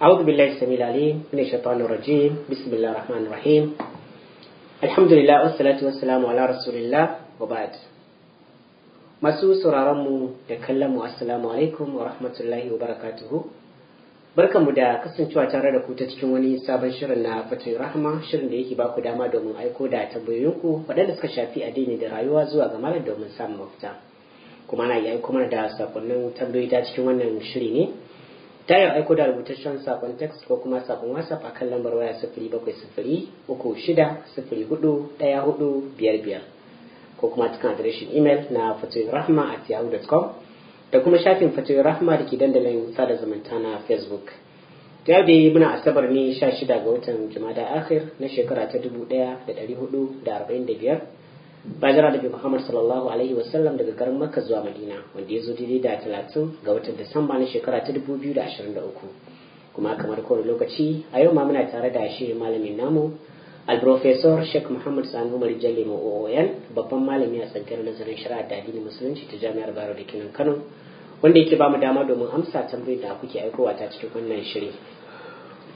أعوذ بالله السميع العليم من الشيطان الرجيم بسم الله الرحمن الرحيم الحمد لله والصلاة والسلام على رسول الله وبعد masu sauraronmu da kallonmu assalamu alaikum wa rahmatullahi wa barakatuhu barkanmu da kasancewa tare da ku ta cikin wani sabon shirin na fatan rahama shirin da yake baku dama domin aiko da tambayoyinku waɗanda suka shafi addini da rayuwa zuwa ga malam domin samun mafita kuma na iya aiko mana da sakonnin tambayoyi ta cikin wannan shiri ne ta yin aiko da rubutaccen sakon text ko kuma sakon whatsapp akan lambar waya sifiri bakwai sifiri uku shida sifiri hudu daya hudu biyar biyar ko kuma cikin adireshin email na fatoyin rahma at yahoo.com da kuma shafin fatoyin rahma da ke dandalin sada zumunta na facebook ta yabe muna asabar ne 16 ga watan jumada akhir na shekara ta 1445 bajira da Muhammad sallallahu alaihi wasallam daga garin Makka zuwa Madina wanda ya zo daidai da talatin ga watan Disamba na shekara ta dubu biyu da ashirin da uku kuma kamar kowane lokaci a yau ma muna tare da shi malamin namu alprofesor Sheikh Muhammad Sani Umar Jalle OON babban malami a tsangayar nazarin shari'a da addinin musulunci ta Jami'ar Bayero da Kinan Kano wanda yake ba mu dama domin amsa tambayoyin da kuke aikowa ta cikin wannan shiri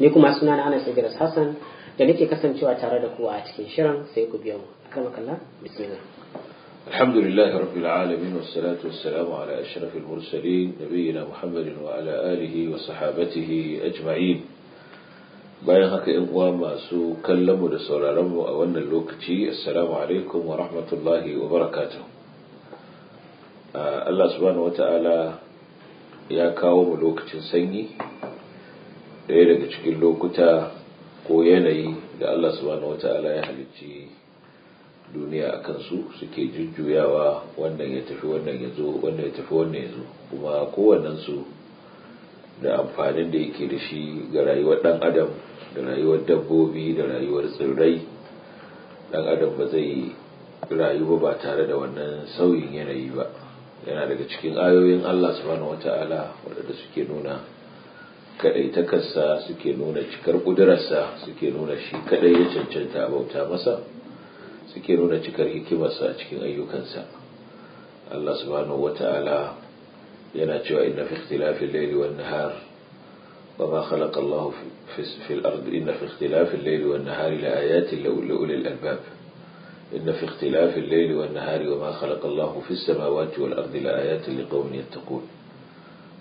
ni kuma sunana ana Idris Hassan da nake kasancewa tare da ku a cikin shirin sai ku biyo mu كما كلا بسم الله الحمد لله رب العالمين والصلاة والسلام على أشرف المرسلين نبينا محمد وعلى آله وصحابته أجمعين bayan haka ‘yan uwa masu kallonmu da sauraronmu a wannan lokaci assalamu alaikum wa rahmatullahi wa barakatu Allah subhanahu wata'ala ya kawo mu lokacin sanyi ɗaya daga cikin lokuta ko yanayi da Allah subhanahu wata'ala ya halicci duniya a kansu suke jujjuyawa wannan ya tafi wannan ya zo wannan ya tafi wannan ya zo kuma kowannensu da amfanin da yake da shi ga rayuwar dan adam da rayuwar dabbobi da rayuwar tsirrai dan adam ba zai rayu ba tare da wannan sauyin yanayi ba yana daga cikin ayoyin Allah subhanahu Ta'ala waɗanda suke nuna kaɗaitakarsa suke nuna cikar ƙudurarsa suke nuna shi kaɗai ya cancanta a bauta masa suke nuna cikar hikimarsa a cikin ayyukansa Allah subhanahu wata'ala yana cewa inna fi ikhtilafil layli wan nahar wa ma khalaqa Allah al ardi inna fi ikhtilafil layli wan nahari la ayatin li ulil albab inna fi ikhtilafil layli wan nahari wa ma khalaqa Allah as samawati wal ardi la ayatin liqaumin yattaqun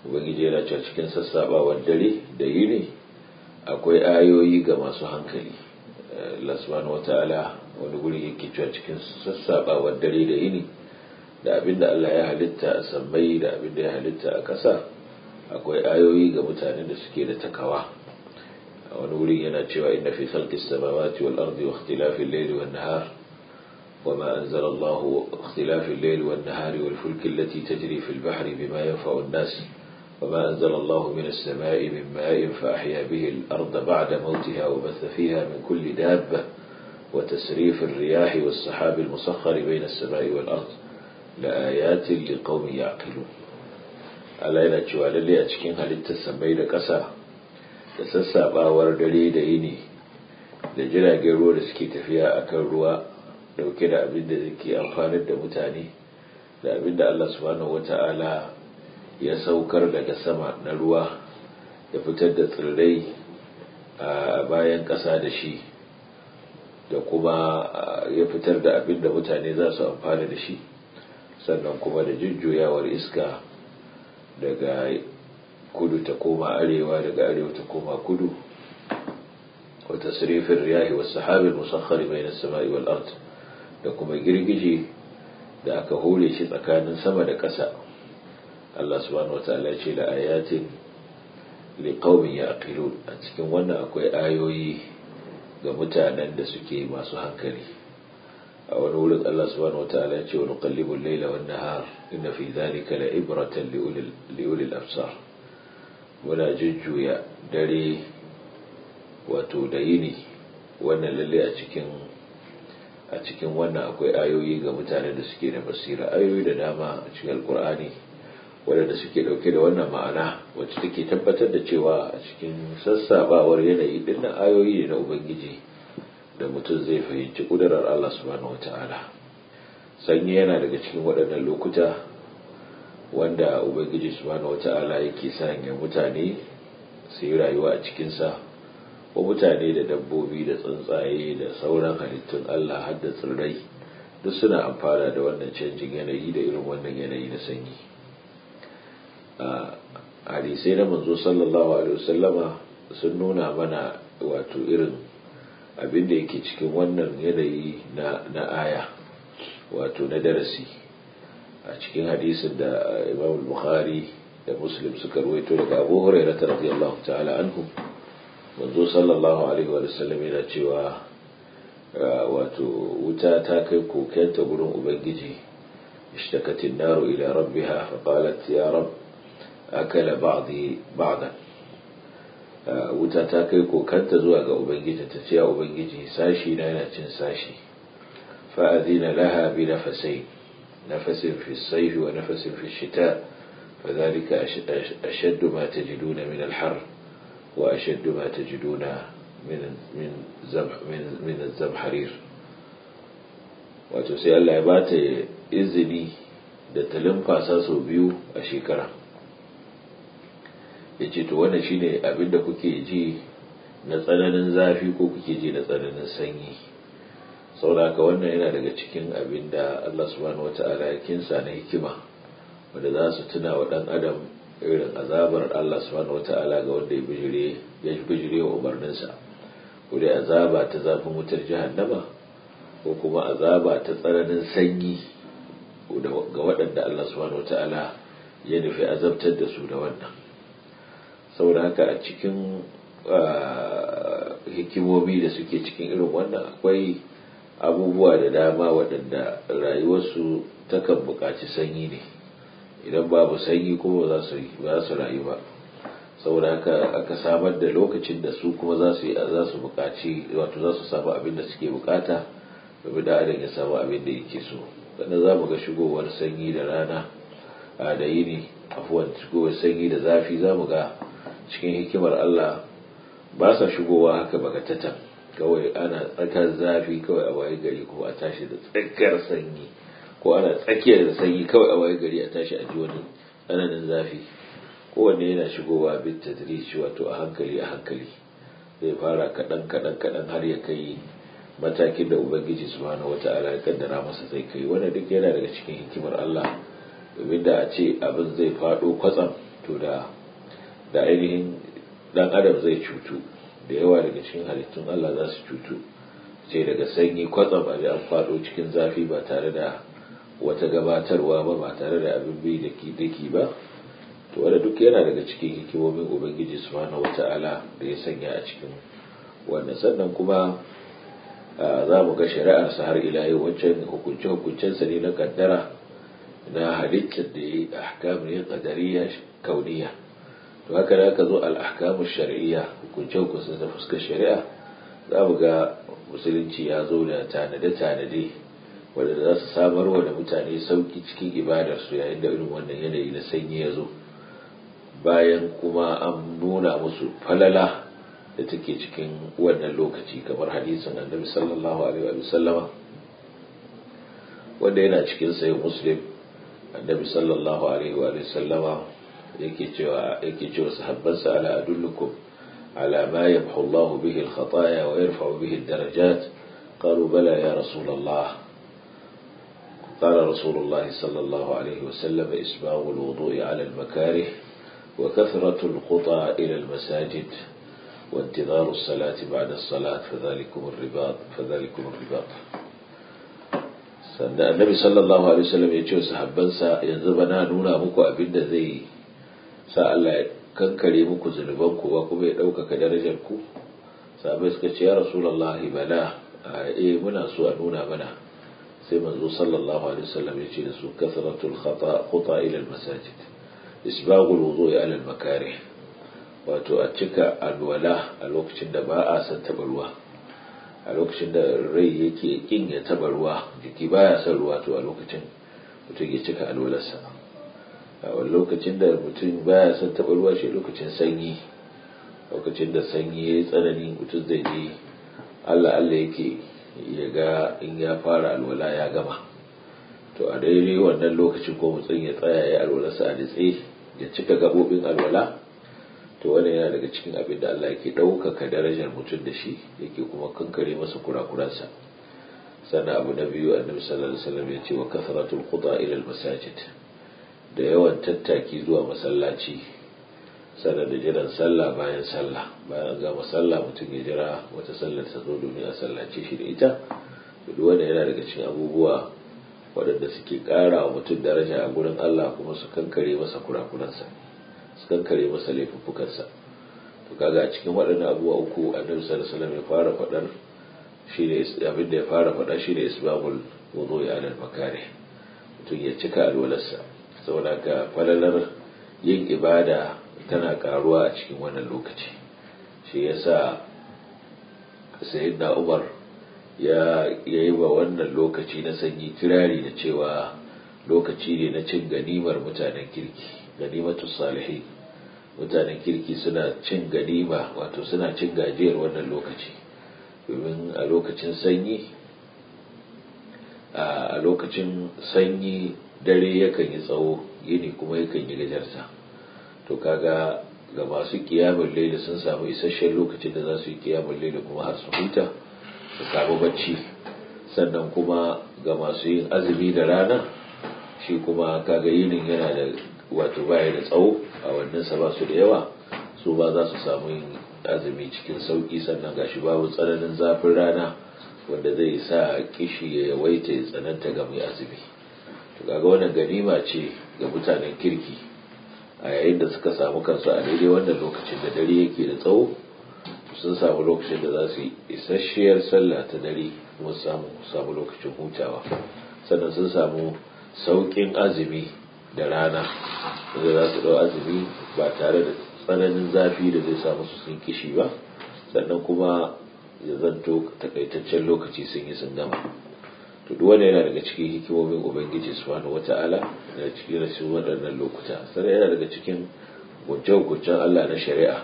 ubangiji yana cewa cikin sassabawar dare da yini akwai ayoyi ga masu hankali Allah subhanahu wata'ala wani guri yake cewa cikin sassaɓawar dare da yini da abinda Allah ya halitta a sammai da abinda ya halitta a ƙasa akwai ayoyi ga mutanen da suke da takawa a wani guri yana cewa inna fi khalqis samawati wal ardi wa ikhtilafi al layli wan nahar وما أنزل الله اختلاف الليل والنهار والفلك التي تجري في البحر بما ينفع الناس وما أنزل الله من السماء من ماء فأحيا به الأرض بعد موتها وبث فيها من كل دابة وتسريف الرياح والسحاب المسخر بين السماء والأرض لآيات لقوم يعقلون Allah yana cewa a cikin halittar samai da ƙasa da sassaɓawar dare da yini da jiragen ruwa da suke tafiya a kan ruwa dauke da abin da zai amfanar da mutane da abin da Allah subhanahu ya saukar daga sama na ruwa ya fitar da tsirrai a bayan ƙasa da shi da kuma ah, ya fitar da abin da mutane za su amfana da shi sannan kuma da jujjuyawar iska daga kudu ta koma arewa daga arewa ta koma kudu Wata tasrifin riyahi wa sahabin musakhari bai na sama'i wal art da kuma girgije da aka hore shi tsakanin sama da ƙasa Allah subhanahu wataala ya ce la ayatin liqaumin yaqilun a cikin wannan akwai ayoyi ga mutanen da suke masu hankali a wani wurin Allah subhanahu wataala ya ce wa nuqallibul layla wan nahar inna fi dhalika la ibratan li ulil absar muna jujjuya dare wato da yini wannan lalle a cikin a cikin wannan akwai ayoyi ga mutanen da suke da basira ayoyi da dama a cikin alkur'ani waɗanda suke ɗauke da wannan ma'ana wacce take tabbatar da cewa a cikin sassabawar yanayi ɗin ayoyi ne na ubangiji da mutum zai fahimci ƙudurar Allah subhanahu ta'ala sanyi yana daga cikin waɗannan lokuta wanda ubangiji subhanahu ta'ala yake sanya mutane su yi rayuwa a cikinsa ko mutane da dabbobi da tsuntsaye da sauran halittun Allah har da tsirrai duk suna amfana da wannan canjin yanayi da irin wannan yanayi na sanyi A hadisai na manzo sallallahu alaihi wasallama sun nuna mana wato irin abin da yake cikin wannan yanayi na aya wato na darasi a cikin hadisin da imam bukhari da muslim suka ruwaito daga abu hurairah radiyallahu ta'ala anhu manzo sallallahu alaihi wa sallam yana cewa wato wuta ta kai kokenta gurin ubangiji ishtakatin naru ila rabbiha faqalat ya rabb akala ba'dhi ba'dan wuta ta kai kokanta zuwa ga ubangiji ta ce ya ubangiji sashi na yana cin sashi fa'adina laha bi nafasai nafasin fi saifi wa nafasin fi shita fa zalika ashaddu ma tajiduna min al-har wa ashaddu ma tajiduna min min min az-zamharir wato sai Allah ya ba ta izini da talimfasa sau biyu a shekara ya ce to wannan shine abin da kuke ji na tsananin zafi ko kuke ji na tsananin sanyi saboda wannan yana daga cikin abin da Allah subhanahu wata'ala ya kinsa na hikima wanda za su tuna wa dan adam irin azabar Allah subhanahu wata'ala ga wanda ya bijire ya bijire wa umarninsa ko dai azaba ta zafin wutar jahannama ko kuma azaba ta tsananin sanyi ga waɗanda Allah subhanahu wata'ala ya nufi azabtar da su da wannan saboda haka a cikin hikimomi da suke cikin irin wannan akwai abubuwa da dama waɗanda rayuwarsu takan buƙaci sanyi ne idan babu sanyi kuma ba za su rayu ba saboda haka aka samar da lokacin da su kuma za su za buƙaci wato za su samu abin da suke buƙata domin da adam ya samu abin da yake so sannan za mu ga shigowar sanyi da rana da yini afuwan shigowar sanyi da zafi za mu ga cikin hikimar Allah ba sa shigowa haka bagatatan kawai ana tsakar zafi kawai a waye gari ko a tashi da tsakar sanyi ko ana tsakiyar da sanyi kawai a waye gari a tashi a ji wani tsananin zafi kowanne yana shigowa bit tadrij wato a hankali a hankali zai fara kaɗan kaɗan kaɗan har ya kai matakin da ubangiji subhanahu wata'ala ya kaddara masa zai kai wannan duk yana daga cikin hikimar Allah domin da a ce abin zai faɗo kwatsam to da da ainihin dan adam zai cutu da yawa daga cikin halittun Allah za su cutu sai daga sanyi kwatsam a an faɗo cikin zafi ba tare da wata gabatarwa ba ba tare da abin bai daki ba to wanda duk yana daga cikin hikimomin ubangiji subhanahu wata'ala da ya sanya a cikin wannan sannan kuma za mu ga shari'arsa har ila yau wancan hukunce hukuncensa ne na kaddara na halittar da ya yi ahkamu ne qadariya kauniya to haka da ka zo al-ahkamu shar'iyya hukunce hukuncin da fuskar shari'a za mu ga musulunci ya zo da tanade tanade wanda za su wa da mutane sauki cikin ibadar su yayin da irin wannan yanayi na sanyi ya zo bayan kuma an nuna musu falala da take cikin wannan lokaci kamar hadisin annabi sallallahu alaihi wa sallama wanda yana cikin sayin muslim النبي صلى الله عليه وآله وسلم يكيتو صحبان سألا أدلكم على ما يمحو الله به الخطايا ويرفع به الدرجات قالوا بلى يا رسول الله قال رسول الله صلى الله عليه وسلم إسباغ الوضوء على المكاره وكثرة القطى إلى المساجد وانتظار الصلاة بعد الصلاة فذلكم الرباط فذلكم الرباط Sanda annabi sallallahu alaihi wasallam ya ce sahabbansa yanzu ba na nuna muku abin da zai sa Allah ya kankare muku zunuban ku ba kuma ya ɗaukaka darajar ku sahabbai suka ce ya rasulullahi bala eh muna so a nuna mana sai manzo sallallahu alaihi wasallam ya ce da su kasratul khata khuta ila al masajid isbagul wudu'i ala al makarih wato a cika alwala a lokacin da ba a san taɓa ruwa a lokacin da rai yake kin ya taba ruwa jiki baya son ruwa to a lokacin mutum ya cika alolarsa a wani lokacin da mutum baya son taba ruwa shi lokacin sanyi lokacin da sanyi ya yi tsanani mutum zai je allah allah yake ya ga in ya fara alwala ya gama to a daidai wannan lokacin ko mutum ya tsaya ya alwalarsa a ya cika gabobin alwala to wannan yana daga cikin abin da Allah yake ɗaukaka darajar mutum da shi yake kuma kankare masa kurakuransa sannan abu na biyu annabi sallallahu alaihi wasallam ya ce wa kasratul quda ila masajid da yawan tattaki zuwa masallaci sannan da jiran sallah bayan sallah bayan ga sallah mutum ya jira wata sallar ta zo domin a sallace shi da ita duk wannan yana daga cikin abubuwa waɗanda suke ƙara wa mutum daraja a gurin Allah kuma su kankare masa kurakuransa su kankare masa laifuffukansa to kaga cikin waɗannan abubuwa uku annabi sallallahu alaihi ya fara faɗar shine abin da ya fara faɗa shine isbabul wudu'i ala al-makari mutum ya cika alwalarsa saboda ga falalar yin ibada tana karuwa a cikin wannan lokaci shi yasa sayyidina Umar ya yi wa wannan lokaci na sanyi kirari da cewa lokaci ne na cin ganimar mutanen kirki ganimatu salihin mutanen kirki suna cin ganima wato suna cin gajiyar wannan lokaci domin a lokacin sanyi a lokacin sanyi dare yakan yi tsawo yini kuma yakan yi gajarta to kaga ga masu kiyamun laila sun samu isasshen lokacin da za su yi kiyamun laila kuma har su huta su samu bacci sannan kuma ga masu yin azumi da rana shi kuma kaga yinin yana da wato baya da tsawo a wannan sa ba su da yawa su ba za su samu yin azumi cikin sauki sannan ga shi babu tsananin zafin rana wanda zai sa kishi ya yawaita ya tsananta ga mai azumi to kaga wannan ganima ce ga mutanen kirki a yayin da suka samu kansu a daidai wannan lokacin da dare yake da tsawo sun samu lokacin da za su yi isasshiyar sallah ta dare kuma samu samu lokacin hutawa sannan sun samu sauƙin azumi da rana da za su ɗau azumi ba tare da tsananin zafi da zai samu su sun kishi ba sannan kuma ya zanto takaitaccen lokaci sun yi sun gama to duk wanda yana daga cikin hikimomin ubangiji subhanahu wata'ala da cikin rasu waɗannan lokuta sannan yana daga cikin gwajen-gwajen Allah na shari'a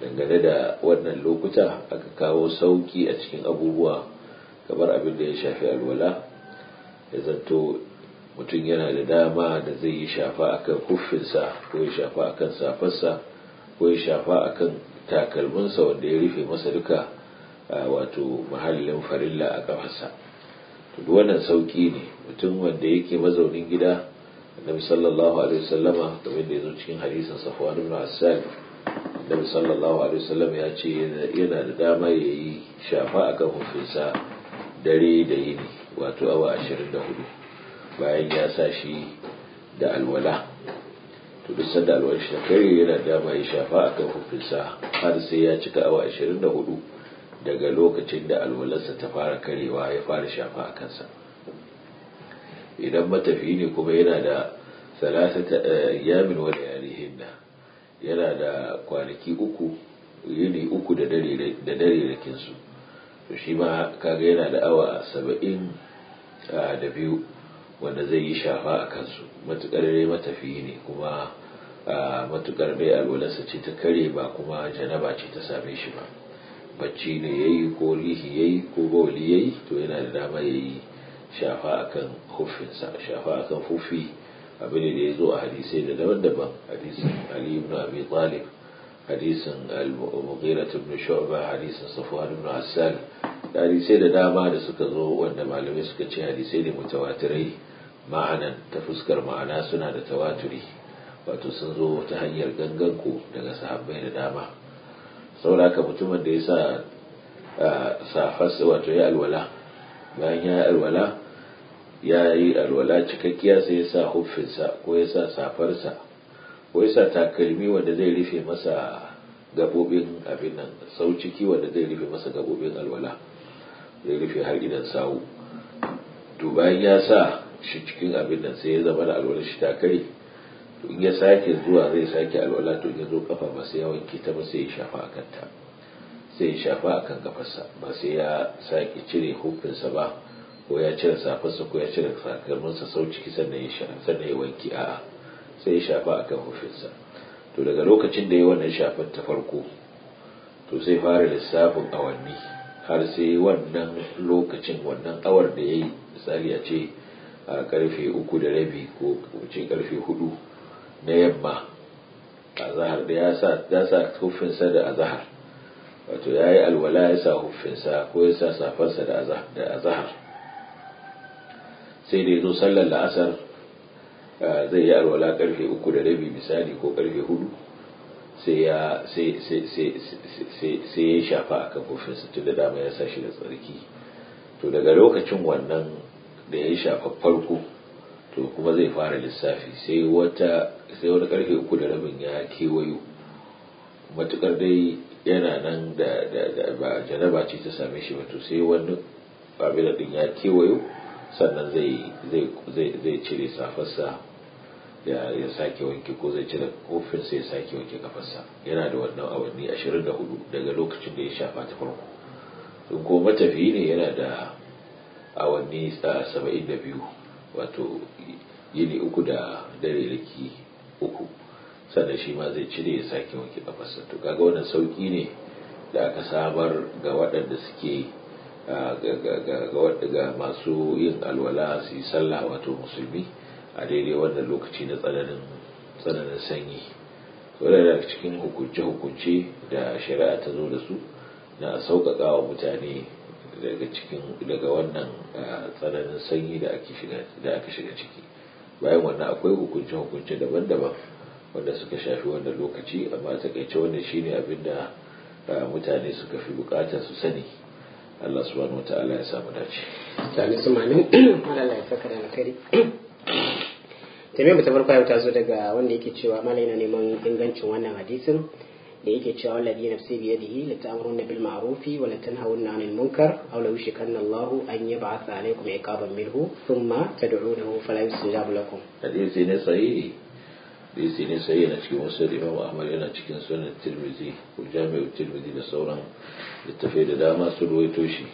dangane da wannan lokuta aka kawo sauki a cikin abubuwa kamar abin da ya shafi alwala ya zanto mutum yana da dama da zai yi shafa a kan kuffinsa ko ya shafa a kan safarsa ko ya shafa a kan takalminsa wanda ya rufe masa duka wato mahallin farilla a ƙafarsa duk wannan sauƙi ne mutum wanda yake mazaunin gida annabi sallallahu alaihi wasallama kamar da ya zo cikin hadisin safwan ibn asal annabi sallallahu alaihi wasallam ya ce yana da dama yayi yi shafa a kan dare da yini wato awa ashirin da hudu bayan ya sa shi da alwala to duk sanda alwala shi kai yana dama ya shafa a kan hukunsa har sai ya cika awa 24 daga lokacin da alwalarsa ta fara karewa ya fara shafa a kansa idan matafi ne kuma yana da salasata ayyamin eh, wa da yana da kwanaki uku yini uku da dare da dare to shi ma kaga yana da awa 70 ah, da biyu wanda zai yi shafa a kansu matukar dai matafiyi ne kuma matukar dai alwalarsa ce ta kare ba kuma janaba ce ta same shi ba bacci ne ya yi ko lihi ya yi ko bauli ya yi to yana da dama ya yi shafa a kan hufinsa shafa a kan hufi abin da ya zo a hadisai da daban-daban hadisin ali ibn abi talib hadisin al-mughira ibn shu'ba hadisin safwan ibn hassan da hadisai da dama da suka zo wanda malamai suka ce hadisai ne mutawatirai ma'anan ta fuskar ma'ana suna da tawaturi wato sun zo ta hanyar ganganku daga sahabbai da dama ka mutumin da ya sa safas wato ya alwala bayan ya alwala ya yi alwala cikakkiya sai ya sa huffinsa ko ya sa safarsa ko ya sa takalmi wanda zai rufe masa gabobin abin nan sau ciki wanda zai rufe masa gabobin alwala ya rufe har idan sawu to bayan ya sa shi cikin abin nan sai ya zama da alwala shi ta kare to in ya sake zuwa zai sake alwala to in ya zo kafa ba sai ya wanke ta ba sai ya shafa a kanta sai ya shafa a kan kafarsa ba sai ya sake cire hukunsa ba ko ya cire safarsa ko ya cire sakarminsa sau ciki sannan ya sannan ya wanke a'a sai ya shafa a kan hufinsa to daga lokacin da ya wannan shafar ta farko to sai fara lissafin awanni har sai wannan lokacin wannan awar da ya yi misali a ce a karfe uku da rabi ko ce karfe hudu na yamma a zahar da ya sa hufinsa da azahar wato ya yi alwala ya sa hufinsa ko ya sa safarsa da azahar sai da ya zo sallar la'asar zai yi alwala karfe uku da rabi misali ko karfe hudu sai ya shafa a kafofinsa tun da dama ya sa shi da tsarki to daga lokacin wannan da ya shafa farko to kuma zai fara lissafi sai wata wani karfe uku da rabin ya kewayo matukar dai yana nan da ba janaba ce ta same shi ba to sai wani babila din ya kewayo sannan zai cire safarsa ya sake wanke ko zai cire kofin sai ya sake wanke kafarsa yana da wannan awanni 24 daga lokacin da ya shafa ta farko in ko matafiyi ne yana da awanni 72 wato yini uku da dare darelaki uku sannan shi ma zai cire ya sake wanke kafarsa to kaga wannan sauki ne da aka samar ga waɗanda suke ah, ga masu yin alwala su yi sallah wato musulmi a daidai wannan lokaci na tsananin tsananin sanyi da daga cikin hukunce-hukunce da shari'a ta zo da su na sauƙaƙa wa mutane daga cikin daga wannan tsananin sanyi da aka shiga ciki bayan wannan akwai hukunce-hukunce daban-daban wanda suka shafi wannan lokaci amma takaice wannan shine abin da mutane suka fi bukata su sani Allah subhanahu wa ta'ala ya samu dace. Sami sumanin, Allah ya saka da alkhairi. tambayar ta farko ta zo daga wanda yake cewa mala yana neman ingancin wannan hadisin da yake cewa wallahi nafsi bi yadihi la ta'muruna bil ma'rufi wa la tanhawuna 'anil munkar aw la yushikanna Allah an yab'atha 'alaykum 'iqaban minhu thumma tad'unahu fala yustajabu lakum hadisi ne sahihi hadisi ne sahihi na cikin wasu Imam Ahmad yana cikin sunan Tirmidhi ko Jami'u Tirmidhi da sauran littafai da dama su ruwaito shi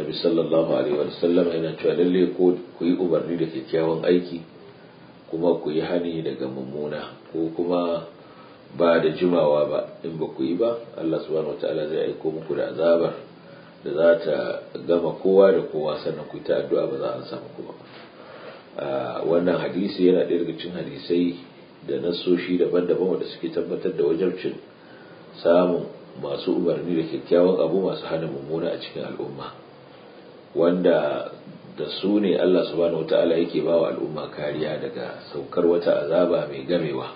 Nabi sallallahu alaihi wa sallam yana cewa lalle ko ku yi umarni da kyakkyawan aiki kuma ku yi hani daga mummuna ko kuma ba da jimawa ba in ba ku yi ba Allah subhanahu wataala zai aiko muku da azabar da za ta gama kowa da kowa sannan ku ta addu'a ba za a samu kuma. wannan hadisi yana ɗaya daga hadisai da nasoshi daban-daban wanda suke tabbatar da wajabcin samun masu umarni da kyakkyawan abu masu hana mummuna a cikin al'umma wanda da su ne Allah subhanahu wata'ala yake ba wa al'umma kariya daga saukar wata azaba mai gamewa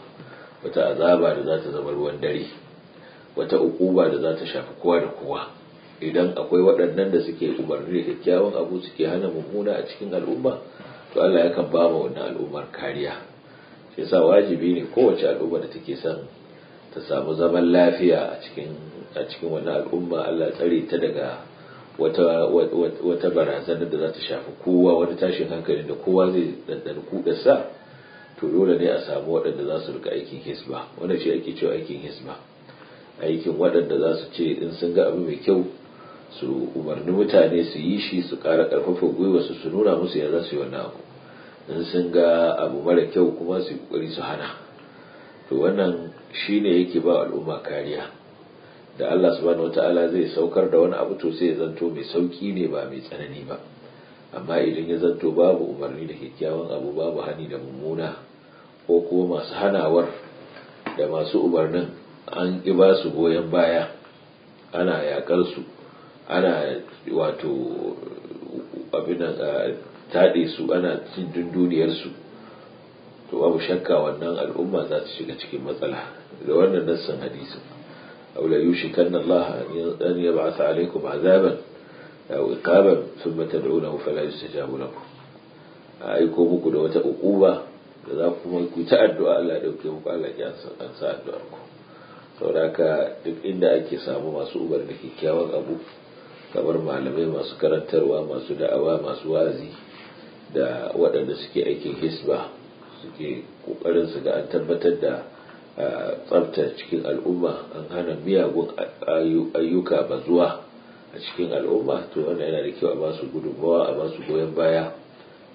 wata azaba da za ta zama ruwan dare wata ukuba da za ta shafi kowa da kowa idan akwai waɗannan da suke umarni da kyakkyawan abu suke hana mummuna a cikin al'umma to Allah yakan ba ma wannan al'ummar kariya shi yasa wajibi ne kowace al'umma da take son ta samu zaman lafiya a cikin a al'umma Allah tsare ta daga wata wata barazanar da za ta shafi kowa wani tashin hankali da kowa zai ɗanɗan kudarsa to dole ne a samu waɗanda za su rika aikin hisba wanda shi ake cewa aikin hisba aikin waɗanda za su ce in sun ga abu mai kyau su umarni mutane su yi shi su ƙara ƙarfafa gwiwa su su nuna musu za su yi wannan abu in sun ga abu mara kyau kuma su yi ƙoƙari su hana to wannan shine yake ba al'umma kariya da Allah subhanahu wataala zai saukar da wani abu to sai ya zanto mai sauki ne ba mai tsanani ba amma idan ya zanto babu umarni da kyakkyawan abu babu hani da mummuna ko kuma masu hanawar da masu umarnin an ki ba su goyon baya ana yakar su ana wato abin taɗe su ana cin dunduniyarsu to babu shakka wannan al'umma za su shiga cikin matsala da wannan nassan hadisin أو لا يشكن الله أن يبعث عليكم عذابا أو إقابا ثم تدعونه فلا يستجاب لكم أيكم كنا وتأقوبا da kuma ku ta addu'a Allah dauke muku Allah ya addu'ar ku saboda duk inda ake samu masu ubar da kyakkyawan abu kamar malamai masu karantarwa masu da'awa masu wazi da waɗanda suke aikin hisba suke ƙoƙarin su ga an tabbatar da tsabta cikin al'umma an hana miyagun ayyuka ba zuwa a cikin al'umma to wannan yana da kyau a basu gudunmawa a basu goyon baya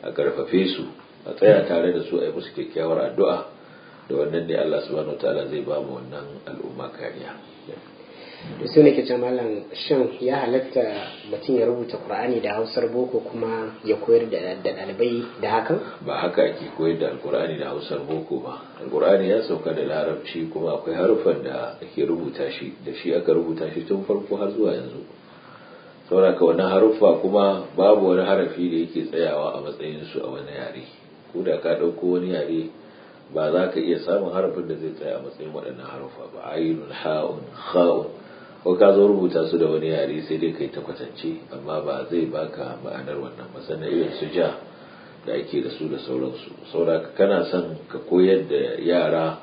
a karfafe su a tsaya tare da su a yi musu kyakkyawar addu'a da wannan ne Allah subhanahu wa ta'ala zai ba mu wannan al'umma kariya da su ne ke malam shin ya halatta mutum ya rubuta qur'ani da hausar boko kuma ya koyar da dalibai da hakan ba haka ake koyar da alqur'ani da hausar boko ba alqur'ani ya sauka da larabci kuma akwai harufan da ake rubuta shi da shi aka rubuta shi tun farko har zuwa yanzu sauraka wani haruffa kuma babu wani harafi da yake tsayawa a matsayin su a wani yare ko da ka ɗauko wani yare ba za ka iya samun harafin da zai tsaya a matsayin waɗannan harufa ba ainun ha'un ko ka zo rubuta su da wani yare sai dai kai ta kwatance amma ba zai baka ma'anar wannan ba sannan irin su ja da ake da su da sauransu saura kana son ka koyar da yara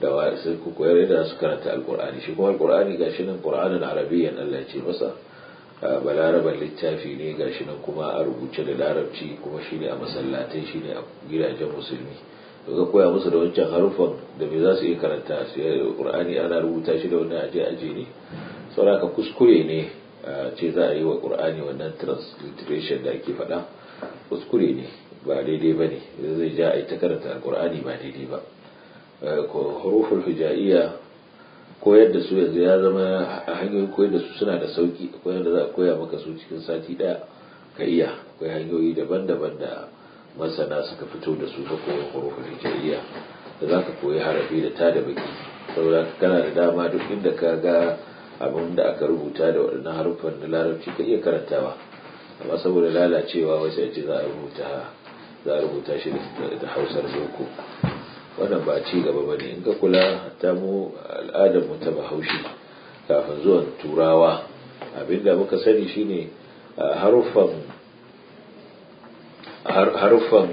da wasu ku koyar da su karanta alkur'ani shi kuma alkur'ani gashi nan qur'anin arabiyyan Allah ya ce masa balaraban littafi ne gashi nan kuma a rubuce da larabci kuma shine a masallatai shine a gidajen musulmi ga koya musu da wancan haruffan da me za su iya karanta su qur'ani ana rubuta shi da wannan aje aje ne saboda kuskure ne ce za a yi wa qur'ani wannan transliteration da ake faɗa kuskure ne ba daidai ba ne zai ja a yi ta karanta qur'ani ba daidai ba ko huruful hijaiya koyar da su yanzu ya zama a hanyoyin koyar da su suna da sauki akwai yadda za a koya maka su cikin sati ɗaya ka iya akwai hanyoyi daban-daban da masana suka fito da su ta kowane hurufin hijiriya da za ka koyi harafi da ta da baki saboda kana da dama duk inda ka ga abin da aka rubuta da waɗannan haruffan na larabci ka iya karantawa amma saboda lalacewa wasu ya za a rubuta za a rubuta shi da hausar boko wannan ba ci gaba ba ne in ka kula ta mu al'adar mu ta bahaushe kafin zuwan turawa abinda muka sani shine haruffan harufan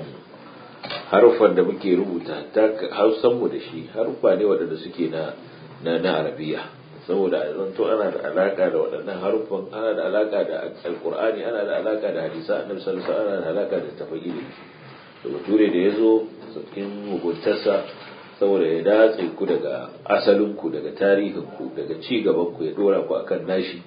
harufan da muke rubuta ta hausanmu da shi harufa ne waɗanda suke na na arabiya saboda zanto ana da alaka da waɗannan harufan ana da alaka da alqur'ani ana da alaka da hadisa annabi sallallahu alaihi ana da alaka da tafsiri to bature da yazo cikin muguntarsa saboda ya datse ku daga asalin ku daga tarihin ku daga ci gaban ku ya dora ku akan nashi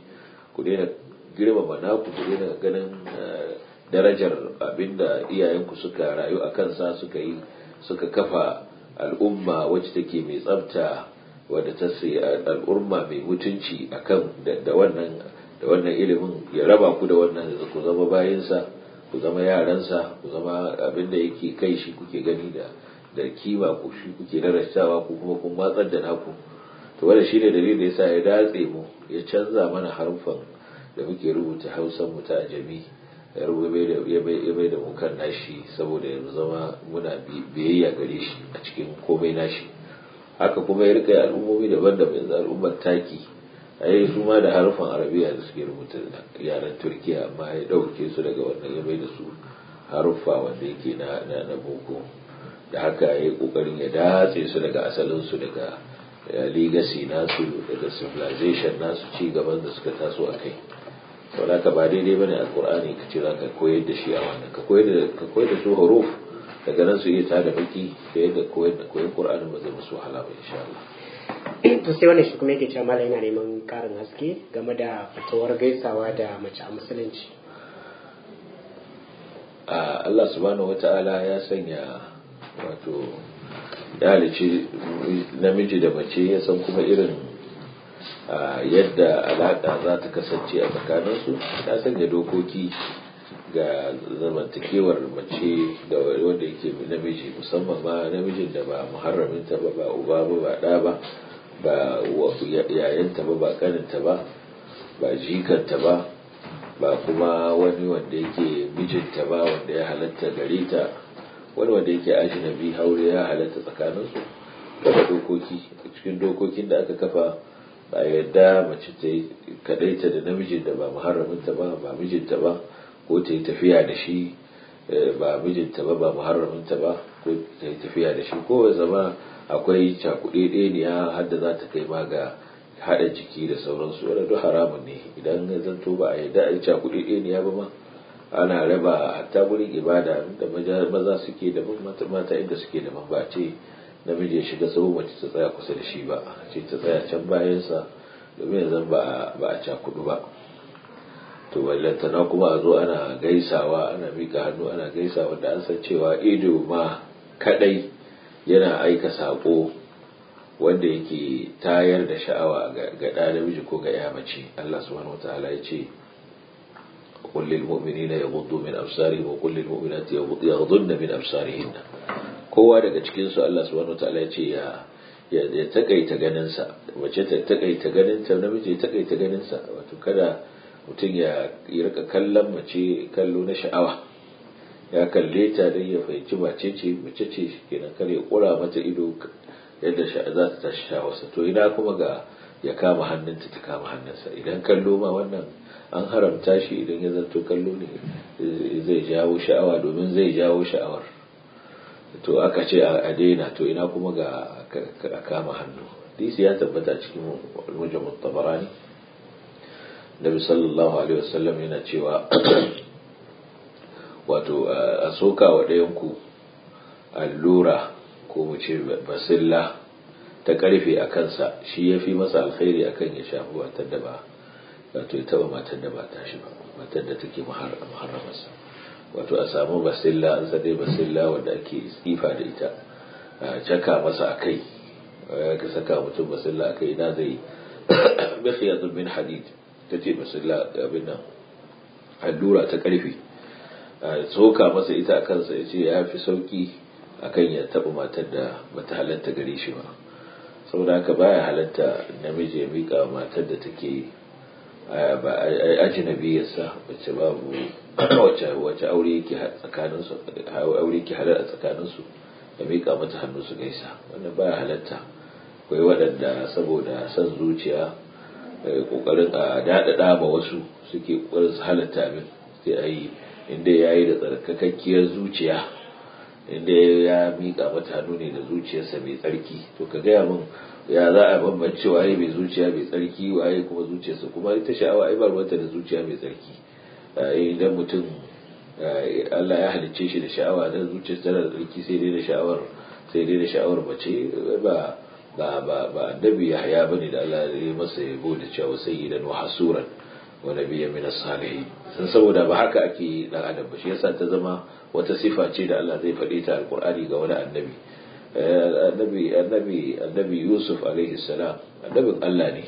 ku daina girmama naku ku daina ganin eh, darajar abinda iyayenku suka rayu a kansa suka yi suka kafa al'umma wacce take mai tsabta wadda ta sai al'umma mai mutunci akan da da wannan ilimin ya raba ku da wannan ku zama bayansa ku zama yaransa ku zama abinda yake kai shi kuke gani da da kima ku shi kuke darasawa ku kuma kun matsar da naku to wanda shine dalilin da yasa ya datse mu ya canza mana harufan da muke rubuta hausan mu ta jami'i. ya bai da mukan nashi saboda ya zama muna biyayya gare shi a cikin komai nashi haka kuma ya rika al'ummomi daban-daban yanzu al'ummar taki a yi su ma da harfan arabiya da suke rubuta yaren turkiya amma ya ɗauke su daga wannan ya bai da su haruffa wanda yake na boko da haka ya yi ƙoƙarin ya datse su daga asalin su daga eh, legacy nasu daga civilization nasu ci gaban da suka taso a kai wala da ka ba daidai bane alqur'ani ka ce zaka koyar da shi a wannan ka koyar da ka koyar da su huruf daga nan su iya tada baki da yadda koyar da koyar qur'ani ba zai musu wahala ba insha Allah eh, to sai wannan shi kuma yake cewa mallam yana neman karin haske game da fitowar gaisawa da mace a musulunci Allah subhanahu wata'ala ya sanya wato ya halici namiji da mace ya san kuma irin yadda alaƙa za ta kasance a tsakaninsu ta sanya dokoki ga zamantakewar mace da wanda yake namiji musamman ma namijin da ba muharraminta ba ba uba ba ba ɗa ba ba yayanta ba ba kaninta ba ba jikanta ba ba kuma wani wanda yake mijinta ba wanda ya halatta gare ta wani wanda yake ajinabi haure ya halatta tsakaninsu kafa dokoki cikin dokokin da aka kafa a yadda mace ta yi kadaita da namijin da ba muharraminta ba ba mijinta ba ko ta yi tafiya da shi eh, ba mijinta ba ba muharraminta ba ko ta yi tafiya da shi ko zama akwai cakuɗe ɗeniya har da za ta kai ma ga haɗa jiki da sauransu wadda duk haramun ne idan ya zanto ba a yadda a yi cakuɗe ɗeniya ba ma ana raba hatta wurin ibada da maza suke da mata inda suke da ba ce namiji ya shiga sabon mace ta tsaya kusa da shi ba ce ta tsaya can bayansa domin yanzu ba a cakudu ba to na kuma a zo ana gaisawa ana mika hannu ana gaisawa da an san cewa ido ma kadai yana aika sako wanda yake tayar da sha'awa ga ɗa namiji ko ga ya mace Allah subhanahu Ala ya ce ya قل للمؤمنين يغضوا من أبصارهم وقل للمؤمنات يغضن من أبصارهن kowa daga cikin su Allah subhanahu wataala ya ce ya ya takaita ganin sa mace ta takaita ganin namiji ya takaita ganin sa wato kada mutum ya rika kallon mace kallo na sha'awa ya kalle ta don ya fahimci mace ce mace ce kenan kar ya kura mata ido yadda za ta tashi sha'awarsa to ina kuma ga ya kama hannunta ta kama hannunsa idan kallo ma wannan an haramta shi idan ya zato kallo ne eh, zai jawo sha'awa domin zai jawo sha'awar to aka ce a daina to ina kuma ga a kama hannu hadisi ya tabbata cikin mutabara ne da sallallahu alaihi wasallam yana cewa wato a soka wa ɗayanku allura ko mu ce basilla ta karfe a kansa shi ya fi masa alkhairi akan ya shafi matar da ba wato ya taba matar da ba tashi ba matar da take maharamarsa. wato a samu basilla an sade basilla wanda ake tsifa da ita a caka masa a kai ka saka mutum basilla a kai na zai yanzu min hadid ta ce basilla abin nan allura ta a soka masa ita a kansa ya ce ya fi sauki akan ya taɓa matar da bata halatta gare shi ba saboda haka baya halatta namiji ya miƙa matar da take ajinabi ya sa wacce babu wacce aure yake halar a tsakaninsu da miƙa mata hannu su gaisa wannan ya halatta akwai waɗanda saboda son zuciya eh, ƙoƙarin a daɗaɗa ba wasu suke ƙoƙarin su halatta min sai a yi inda ya yi da tsarkakakkiyar zuciya inda ya miƙa mata ne da zuciyarsa mai tsarki to ka gaya min ya za a bambance waye mai zuciya mai tsarki waye kuma zuciyarsa kuma ita sha'awa ai ba mata da zuciya mai tsarki eh, idan mutum eh, Allah ya halicce shi da sha'awa da zuciyarsa tana da tsarki sai dai da sha'awar sai dai da sha'awar mace ba ba ba ba annabi bane da Allah ya masa yabo da cewa sayyidan wa hasuran wa nabiyyan min as-salihin saboda ba haka ake dan adam ba shi yasa ta zama wata sifa ce da Allah zai faɗi ta Alƙur'ani ga wani annabi eh, annabi Yusuf alaihi salam annabin Allah ne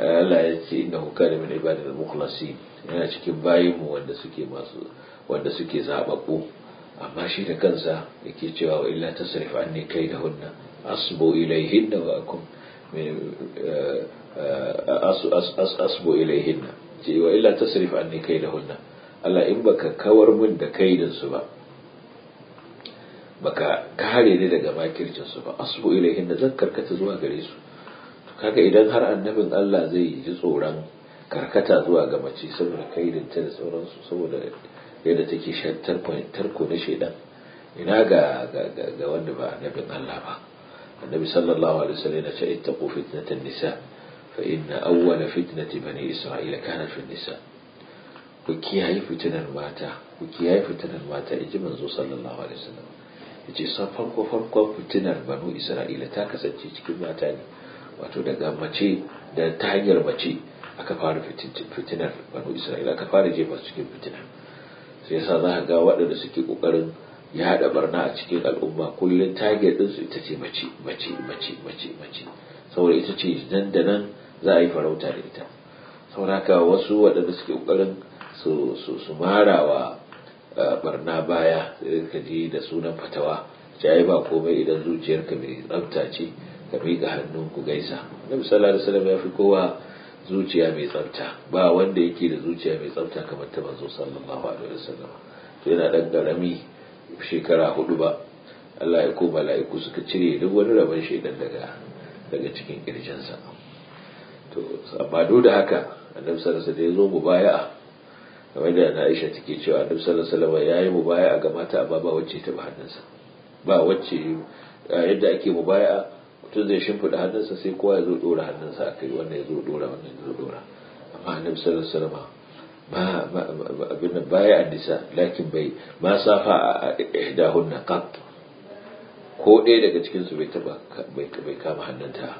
eh, Allah ya ce da kana min da mukulasi, yana cikin bayinmu wanda suke masu wanda amma shi da kansa yake cewa wa illa tasrif anni kaidahunna asbu da wa akum eh, asbu ilai ce wa illa kai da hunna Allah in baka kawar min da kaidinsu ba baka kare ni daga makircinsu ba asbu ilaihin da zan karkata zuwa gare su To kaga idan har annabin Allah zai ji tsoron karkata zuwa ga mace saboda kaidinta da su saboda yadda take shantar tarko na shaidan ina ga ga wanda ba annabin Allah ba annabi sallallahu alaihi wasallam ya ce ittaqu fitnatan nisa fa inna awwala fitnati bani isra'ila kanat fi nisa' ku kiyaye fitinar mata ku kiyaye fitinar mata yaji ji manzo sallallahu alaihi wasallam yace sa farko farko farkon fitinar banu isra'ila ta kasance cikin mata ne wato daga mace da ta hanyar mace aka fara fitinar banu isra'ila aka fara jefa cikin fitina sai yasa za ga waɗanda suke ƙoƙarin ya barna a cikin al'umma kullum target ɗinsu ita ce mace mace mace mace mace saboda ita ce nan da nan za a yi farauta da ita saboda haka wasu waɗanda suke ƙoƙarin su su marawa eh, barna baya ka ji da sunan fatawa jayi ba komai idan zuciyarka mai tsafta ce ka miƙa hannun ku gaisa nabi sallallahu alaihi wasallam ya fi kowa zuciya mai tsafta ba wanda yake da zuciya mai tsafta kamar ta manzo sallallahu alaihi wasallam to yana dan garami shekara hudu ba Allah ya ko mala'iku suka cire duk wani rabon shaidan daga daga cikin kirjinsa to amma duk da haka annabi sallallahu alaihi wasallam ya zo mubaya'a kamar da na aisha take cewa annabi sallallahu alaihi wasallam yayi baya ga mata amma ba wacce ta ba hannunsa ba wacce yadda ake baya mutum zai shimfida hannunsa sai kowa ya zo dora hannunsa kai wannan ya zo dora wannan ya zo dora amma annabi sallallahu alaihi wasallam ba abin da addisa lakin bai ma safa a ihdahunna qat ko ɗaya daga cikin su bai taba bai kama hannunta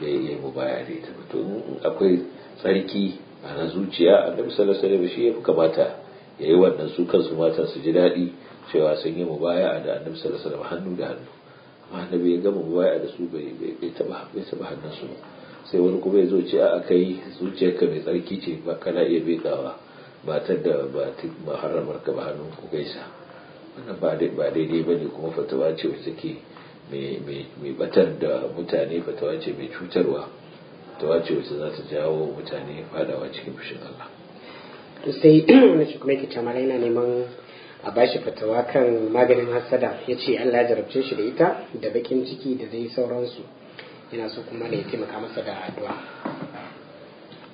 yayi mubaya da ita to akwai tsarki ana zuciya annabi sallallahu alaihi wasallam shi ya kamata yayi wannan su kansu mata su ji daɗi cewa sun yi mubaya da annabi sallallahu alaihi wasallam hannu da hannu amma annabi ya gama mubaya da su bai bai taba bai sai wani kuma ya zo ce a kai ka mai tsarki ce ba kana iya bekawa ba ta da ba ta haramar ka ba hannun ku gaisa wannan ba daidai ba ne kuma fatawa ce wacce ke mai batar da mutane fatawa ce mai cutarwa fatawa wacce za ta jawo mutane fadawa cikin fushin Allah to sai wani shi kuma yake camara yana neman a bashi fatawa kan maganin hasada ya ce Allah ya jarabce shi da ita da bakin ciki da dai sauransu yana so kuma ne ya taimaka masa da addu'a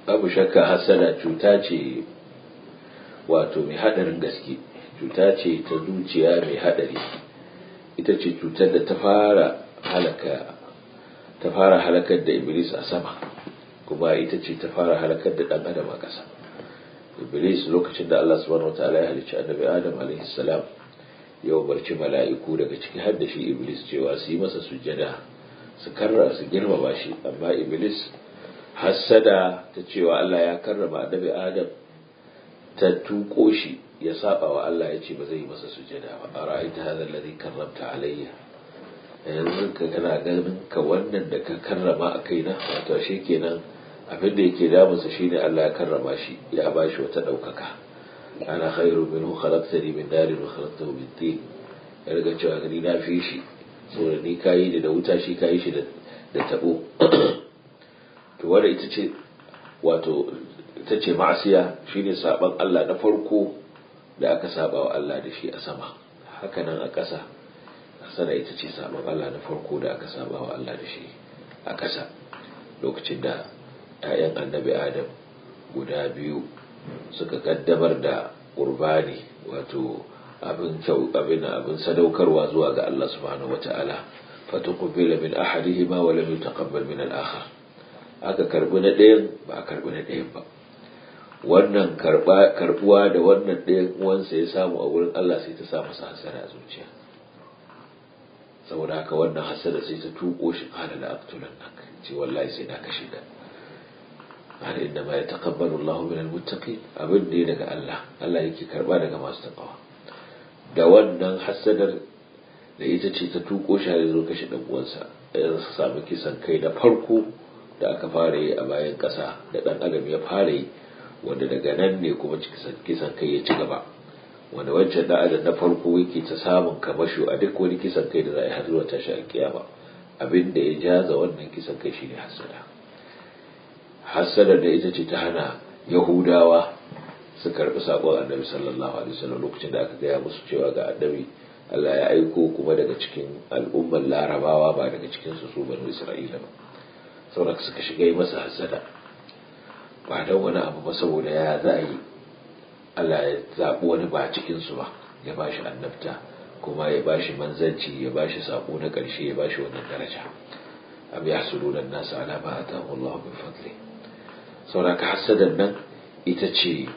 babu shakka hasada cuta ce wato mai hadarin gaske cuta ce ta zuciya mai hadari ita ce cutar da ta fara halaka ta fara halakar da iblis a sama kuma ita ce ta fara halakar da dan adam a ƙasa iblis lokacin da Allah subhanahu wataala ya halicci annabi adam alaihi salam ya umarci mala'iku daga ciki har da shi iblis cewa su yi masa sujada, su karra su girmama shi amma iblis hassada ta cewa Allah ya karrama annabi adam ta tuko shi ya saba wa Allah ya ce ba zai yi masa sujada ba a ra'ayi ta lari karramta alayya yanzu ka gana ganin ka wannan da ka karrama a kaina wato shi kenan abin da yake damunsa shine Allah ya karrama shi ya ba shi wata ɗaukaka ana khairu minhu khalaqtani min narin wa khalaqtahu min tin ya riga cewa gani na fi shi saboda ni kayi da wuta shi kayi shi da tabo to wanda ita ce wato ita ce ma'asiya shine saban Allah na farko da aka saba wa Allah da shi a sama haka nan a ƙasa sana ita ce saban Allah na farko da aka saba wa Allah da shi a ƙasa lokacin da 'ya'yan annabi adam guda biyu suka kaddamar da ƙurbani wato abin kyau abin abin sadaukarwa zuwa ga Allah subhanahu wata'ala fatuqbil min ahadihima wa lam yutaqabbal min al-akhar aka karbi na ɗayan ba a karbi na ɗayan ba wannan karba karbuwa da wannan ɗayan uwansa ya samu a wurin Allah sai ta sa masa hasara a zuciya saboda haka wannan hasara sai ta tuko shi qala la aqtulannak ce wallahi sai na kashe ka ana inda ma ya takabbalu Allahu min almuttaqin abin ne daga Allah Allah yake karba daga masu takawa da wannan hasadar da ita ce ta tuko shi zo kashe dan uwansa ya samu kisan kai da farko da aka fara yi a bayan kasa da dan adam ya fara yi wanda daga nan ne kuma kisan kai ya ci gaba wanda wancan da adam na farko yake ta samun kamasho a duk wani kisan kai da za a har zuwa tashar kiyama abin da ya jaza wannan kisan kai shine hasada hassadar da ita ce ta hana yahudawa su karɓi saƙon annabi sallallahu alaihi wasallam lokacin da aka gaya musu cewa ga annabi Allah ya aiko kuma daga cikin al'ummar larabawa ba daga cikin su su banu isra'ila ba saboda suka shiga yi masa hassada ba don wani abu ba saboda ya za a yi Allah ya zaɓi wani ba cikin su ba ya ba shi annabta kuma ya ba shi manzanci ya ba shi saƙo na ƙarshe ya ba shi wannan daraja abu ya sulunan nasu ala ba a Allah min fadli sauraka hasadan nan ita ce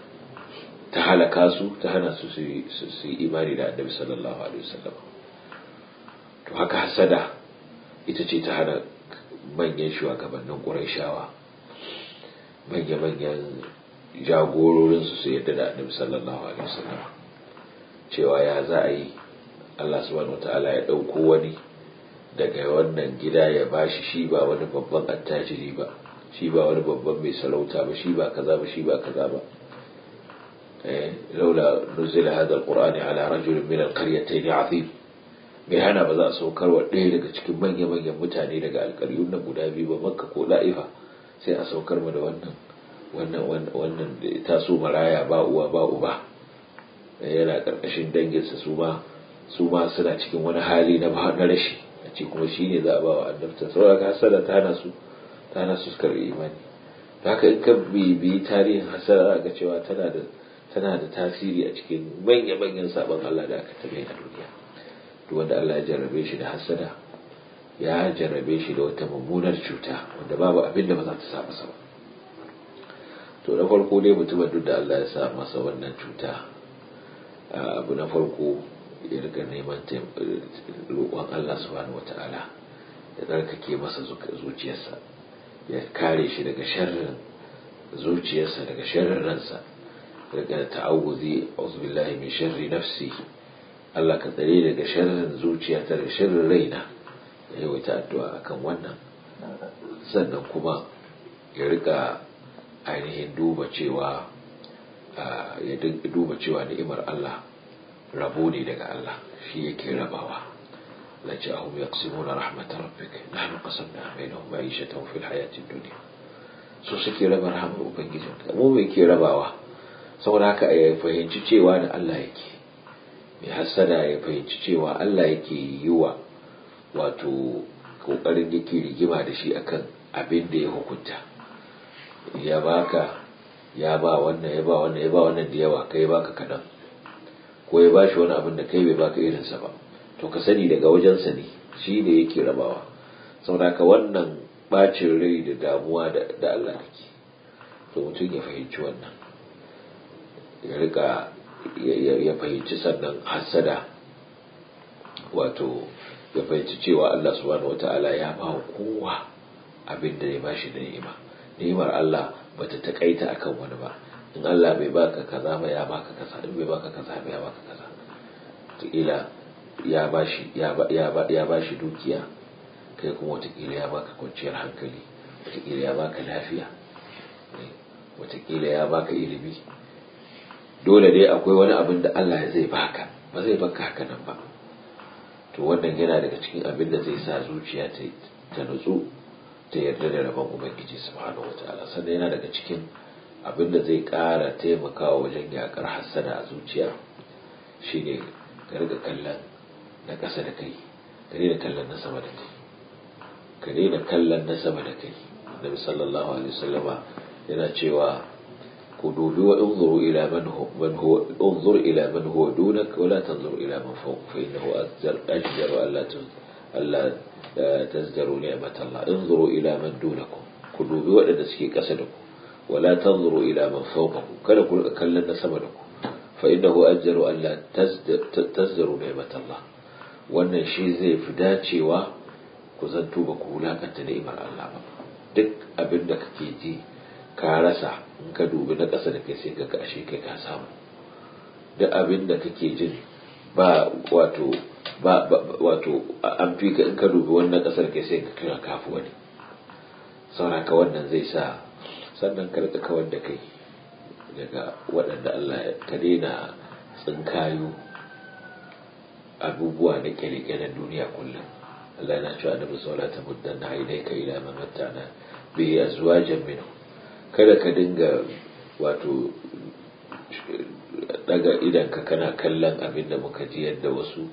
ta halaka su ta hana su su yi imani da annabi sallallahu alaihi wasallam to haka hasada ita ce ta hana manyan shugabannin ƙurayshawa manya-manyan jagororin su yadda da annabi sallallahu alaihi wasallam cewa ya za a yi Allah subhanahu wataala ya ɗauko wani daga wannan gida ya bashi shi ba wani babban attajiri ba shi ba wani babban mai sarauta ba shi ba kaza ba shi ba kaza ba eh, laula nuzila hada alqur'ani ala rajulin min alqaryatayn azim mai hana ba za a saukar wa ɗaya daga cikin manya-manyan mutane daga alƙaryun nan guda biyu ba makka ko la'ifa sai a saukar mu da wannan wannan wannan ta so maraya ba uwa ba uba eh, yana ƙarƙashin danginsa su ma su ma suna cikin wani hali na rashi a ce kuma shine za a ba wa annabta saboda ka ta na su tana su suka karbi imani haka in ka bibi tarihin hasara ga cewa tana da tana da tasiri a cikin manya-manyan sabon Allah da aka taɓa a duniya duk wanda Allah ya jarrabe shi da hasada ya jarrabe shi da wata mummunar cuta wanda babu abin da ba za ta sa masa to na farko dai mutumin duk da Allah ya sa masa wannan cuta abu na farko ya riga neman roƙon Allah subhanahu wata'ala ya tsarkake masa zuciyarsa ya kare shi daga sharrin zuciyarsa daga sharrin ransa daga ta'awuzi auzubillahi min sharri nafsi Allah ka tsare daga sharrin ta daga sharrin raina ya yawaita addu'a akan wannan sannan kuma ya rika ainihin duba cewa ya duba cewa ni'imar Allah rabo ne daga Allah shi yake rabawa لجاءهم يقسمون رحمة ربك نحن قسمنا بينهم معيشتهم في الحياة الدنيا su suke raba rahamar ubangijin mu me ke rabawa saboda haka ya fahimci cewa da Allah yake mai hassada ya fahimci cewa Allah yake yiwa wa wato kokarin yake rigima da shi akan abin da ya hukunta ya baka ya ba wannan ya ba wannan ya ba wannan da yawa kai baka kadan ko ya bashi wani abin da kai bai baka irinsa ba to ka sani daga wajensa ne shi ne yake rabawa saboda ka wannan bacin rai da damuwa da Allah ke to mutum ya fahimci wannan ya rika ya fahimci sannan hasada wato ya fahimci cewa Allah subhanahu wata'ala ya ba kowa abin da ya bashi da ni'ima ni'imar Allah ba ta takaita akan wani ba in Allah bai baka kaza ba ya baka kaza in bai baka kaza ba ya baka kaza to ila ya ba ya dukiya kai kuma watakila ya baka kwanciyar hankali watakila ya baka lafiya eh, watakila ya baka ilimi dole dai akwai wani abin da Allah zai baka ba zai baka haka nan ba to wannan yana daga cikin abin da zai sa zuciya ta nutsu ta yarda da rabon ubangiji subhanahu wataala sannan yana daga cikin abin da zai kara taimakawa wajen yakar hassada a zuciya shine ka riga kallon na ƙasa da kai ka daina kallon na sama da kai ka daina kallon na sama da kai sallallahu alaihi wasallama yana cewa ku dubi wa unzuru ila man huwa unzur ila man huwa dunak wa tanzur ila man fawq fa innahu azjar ajjar wa alla alla tazdaru ni'matallah unzuru ila man dunakum ku dubi waɗanda suke ƙasa da ku ولا تنظروا إلى da فوقكم كان كلنا سمنكم فإنه أجر أن لا تزدروا نعمة الله wannan shi zai fi dacewa ku zanto ba ku wulakanta ni'imar Allah ba duk abin da kake ji ka rasa in ka dubi na ƙasa da kai sai ka ashe kai ka samu duk abin da kake jin ba wato ba wato an fi ka in ka dubi wannan ƙasar kai sai ka kira kafu wani ka wannan zai sa sannan ka rika kawar da kai daga waɗanda Allah ya ka daina tsinkayo abubuwa na kyalike na duniya kullum Allah yana cewa da musola ta wasallam na muddanna ka ila man bai bi zuwa minhu kada ka dinga wato daga idan ka kana kallon abin da muka ji yadda wasu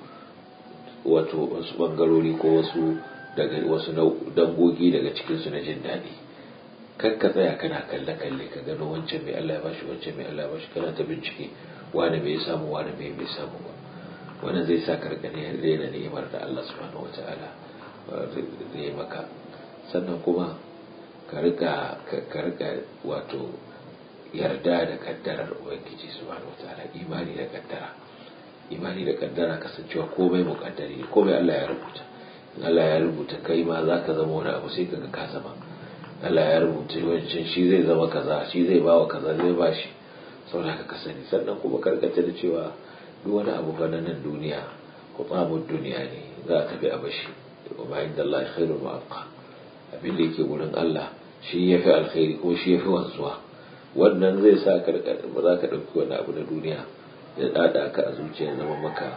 wato wasu bangarori ko wasu daga wasu dangogi daga cikinsu na jin daɗi kan ka tsaya kana kalle kalle ka gano wancan mai Allah ya bashi wancan mai Allah ya bashi kana ta bincike wani bai samu wani bai bai samu ba wannan zai sa karkare rena ni'imar da Allah subhanahu wata'ala zai maka sannan kuma ka rika wato yarda da kaddarar ubangiji subhanahu wata'ala imani da kaddara imani da kaddara kasancewa komai mukaddari komai Allah ya rubuta in Allah ya rubuta kai ma zaka zama wani abu sai kaga ka zama Allah ya rubuta wancan shi zai zama kaza shi zai bawa kaza zai ba shi saboda ka kasani sannan kuma karkata da cewa duk wani abu nan duniya tsamun duniya ne za a tafi a bashi kuma yadda Allah ya khairu ma'abqa abin da yake wurin Allah shi ya fi alkhairi ko shi ya fi wanzuwa wannan zai sa ka ba za ka ɗauki wani abu na duniya ya ɗada ka a zuciya zama maka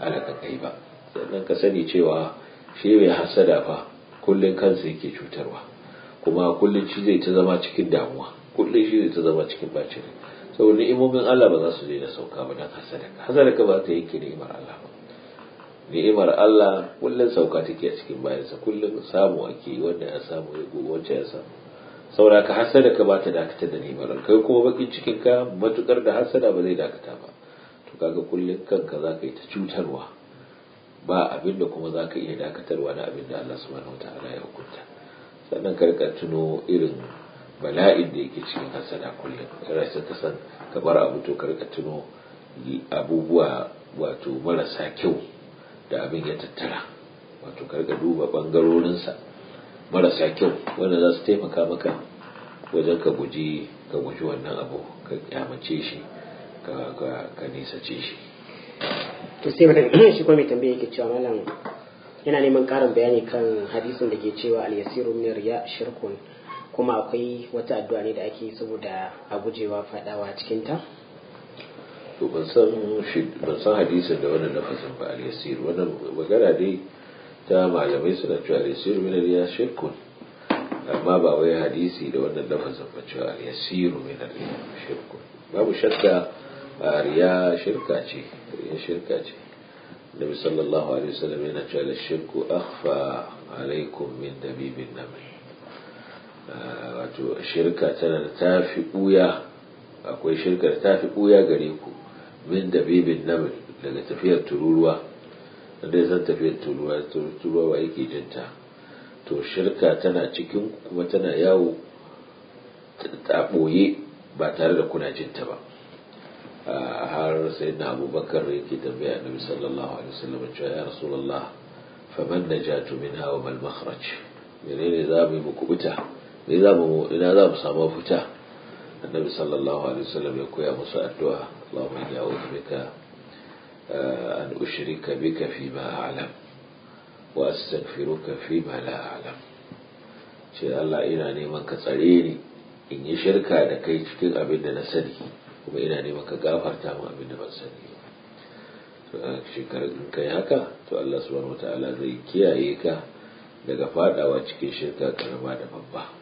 alaƙaƙai ba sannan ka sani cewa shi mai hasada fa kullum kansa yake cutarwa kuma kullum shi zai ta zama cikin damuwa kullum shi zai ta zama cikin bacin saboda ni'imomin Allah ba za su na sauka ba dan hasadaka hasadaka ba ta yake ni'imar Allah ba ni'imar Allah kullum sauka take a cikin bayansa kullum samu ake wanda ya samu ya gobe wacce ya samu saboda ka hasada ka ba ta dakatar da ni'imar kai kuma bakin cikin ka matukar da hasada ba zai dakata ba to kaga kullum kanka za ka yi ta cutarwa ba abin da kuma za ka iya dakatarwa na abin da Allah subhanahu wataala ya hukunta sannan karka tuno irin bala'in da yake cikin hasada kullum kana sai ta san ka bar abu to ka rika tuno abubuwa wato marasa kyau da abin ya tattara wato ka rika duba sa marasa kyau wanda za su taimaka maka wajen ka guji ka guji wannan abu ka kyamace shi ka ce shi to sai bada shi kuma mai tambaye yake cewa malam yana neman karin bayani kan hadisin da ke cewa al-yasiru min riya shirkun kuma akwai wata addu'a ne da ake saboda a gujewa fadawa cikin ta to ban san shi da wannan nafasin ba al-yasir wannan magana dai ta malamai suna cewa al-yasir min al-yashir amma ba wai hadisi da wannan lafazin ba cewa yasiru min shirku babu shakka riya shirka ce riya shirka ce nabi sallallahu alaihi wasallam yana cewa ku, akhfa alaikum min dabibin naml Eh, wato shirka tana da tafi ɓuya akwai shirka da tafi ɓuya gare ku min da bibin namir daga tafiyar tururuwa da ya san tafiyar tururuwa tururuwa wa yake jinta to shirka tana cikin kuma tana yawo ta ɓoye ba tare da kuna jinta ba eh, har sai na abubakar yake tambaya na sallallahu alaihi wasallam cewa ya rasulullah faman najatu minha wa mal makhraj menene za mu yi mu ina za mu samu fita annabi sallallahu alaihi wasallam ya koya musu addu'a Allahumma ya wuce bika eh, an ushrika bika fi ma a'lam wa astaghfiruka fi ma la a'lam ce Allah ina neman ka tsare ni in yi shirka da kai cikin abin da na sani kuma ina neman ka gafarta min abin da ban sani ba shekarar in kai haka to Allah subhanahu wataala zai kiyaye ka daga fadawa cikin shirka karama da babba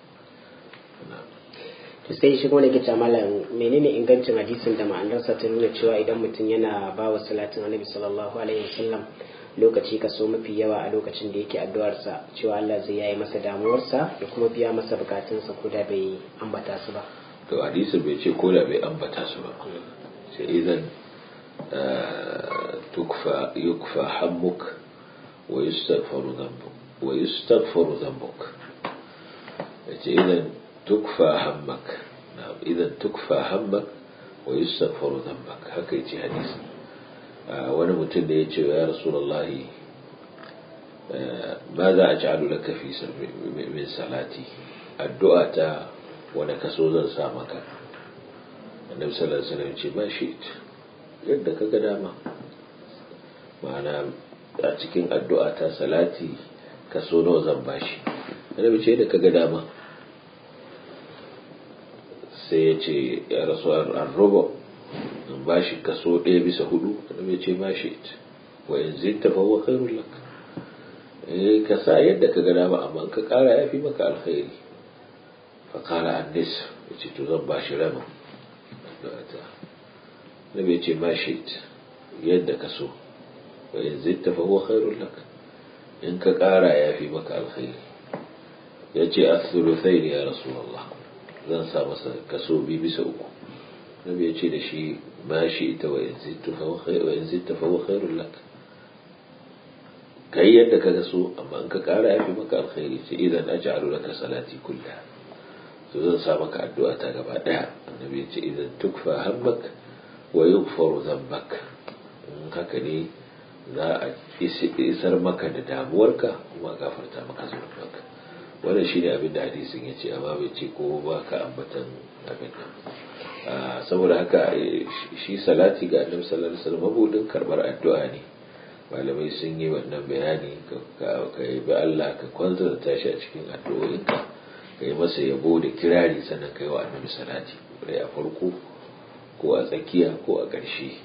to sai shi kuma nake malam menene ingancin hadisin da sa ta nuna cewa idan mutum yana ba wa salatin annabi sallallahu alaihi wasallam lokaci kaso mafi yawa a lokacin da yake sa cewa Allah zai yayi masa damuwarsa da kuma biya masa sa ko da bai ambata su ba to hadisi bai ce ko da bai ambata su ba sai idan eh, tukfa yukfa hammuk wa yustaghfaru dhanbuk wa yustaghfaru dhanbuk ce idan tukfa hammak idan tukfa hammak wa yustaghfaru dhanbak haka yace hadisi ah, wani mutum da ya yace ya rasulullahi ba eh, za a ja'alu laka fi min salati addu'a ta wani kaso zan sa maka annabi sallallahu alaihi wasallam ce ba shi yadda ka ga dama ma'ana a cikin addu'a ta salati kaso nawa zan bashi annabi ce ka ga dama sai ya ce ya rasu an rubu in ba shi kaso ɗaya bisa hudu annabi ya ce ba shi wa in zinta fa huwa khairul lak eh, ka sa yadda ka gana ba amma ka kara ya fi maka alkhairi fa kara an-nis ce to zan ba shi rama annabi ya ce ma shi yadda ka so wa in zinta fa huwa khairul lak in ka kara ya fi maka alkhairi yace as-thuluthayn ya rasu Allah. zan sa masa kaso biyu bisa uku nabi ya ce da shi ba shi ita wa yin zitta fa wa lak kai yadda ka so amma in ka kara yafi maka alkhairi ce idan aj'alu laka salati kulla to zan sa maka addu'a ta gaba daya annabi ya ce idan tukfa hammak wa faru zambak in haka ne za a isar maka da damuwarka kuma gafarta maka zunubanka wannan shi ne abin da hadisin ya ce amma bai ce ko ba ka ambatan abin nan ah, saboda haka eh, shi salati ga annabi sallallahu alaihi mabudin karbar addu'a ne malamai sun yi wannan bayani ka yi bi Allah ka kwanzanta tashi a cikin addu'o'inka ka yi masa yabo da kirari sannan kai wa annabi salati rai a farko ko a tsakiya ko a ƙarshe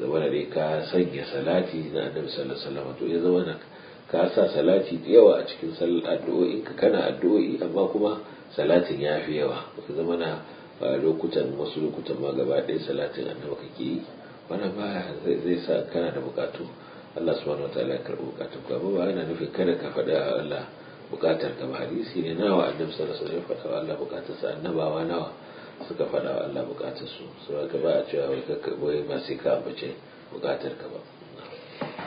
zama da dai ka sanya salati na annabi sallallahu alaihi wasallam to ya zama ka sa salati da yawa a cikin addu'o'in ka kana addu'o'i amma kuma salatin ya fi yawa ka zama na lokutan wasu lokutan ma gaba ɗaya salatin annabi kake yi wani ba zai sa kana da bukatu Allah subhanahu wa ta'ala karɓi bukatun ka ba yana nufin kada ka faɗa Allah bukatar ka ba hadisi ne nawa annabi sallallahu alaihi wasallam ya faɗa Allah bukatarsa annabawa nawa suka faɗa wa Allah bukatarsu su ka ba a cewa wai ba sai ka ambace bukatar ka ba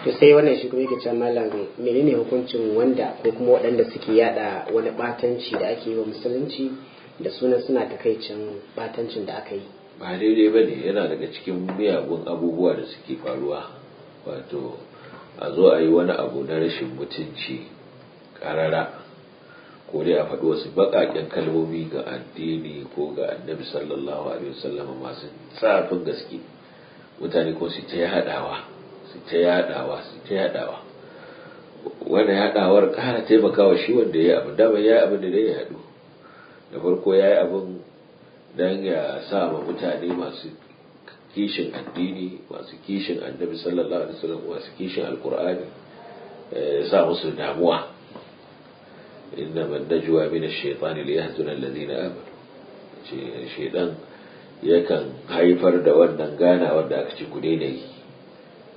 to sai wannan shi kuma yake cewa malam menene hukuncin wanda ko kuma waɗanda suke yada wani batanci da ake yi wa musulunci da sunan suna takaicin batancin da aka yi ba daidai ba ne yana daga cikin miyagun abubuwa da suke faruwa wato a zo a yi wani abu na rashin mutunci karara ko dai a faɗi wasu baƙaƙen kalmomi ga addini ko ga annabi sallallahu alaihi wasallam masu tsafin gaske mutane ko su ta haɗawa su ta yadawa su ta yadawa wannan yadawar kara taimakawa shi wanda ya abu dama ya abin da dai ya yadu da farko ya yi abin don ya sa ma mutane masu kishin addini masu kishin annabi sallallahu alaihi wasallam masu kishin alqur'ani eh, ya sa musu damuwa inna man najwa min ash-shaytan li yahzuna alladhina amanu shi shaytan yakan haifar da wannan gana wanda aka ci ku daina yi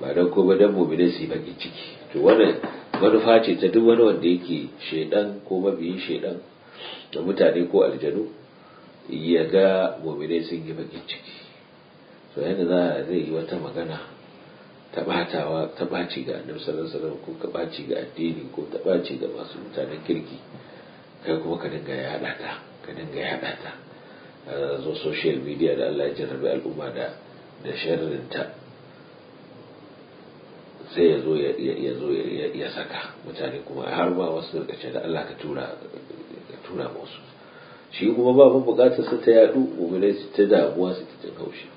ba don kuma dabbobi da su yi ciki to wannan manufa ce ta duk wani wanda yake shaidan ko mabiyin shaidan da mutane ko aljanu ya ga dai sun yi bakin ciki to yadda za a zai yi wata magana ta batawa ta baci ga annabi sallallahu alaihi ko ka baci ga addini ko ta baci ga masu mutanen kirki kai kuma ka dinga ya ta ka dinga ya hada ta zo social media da Allah ya jarrabe al'umma da da ta sai ya zo ya zo ya saka mutane kuma har ba wasu daga ce da Allah ka tura ka tura musu shi kuma ba mu bukatar su ta yadu gobe su ta damuwa su ta jin haushi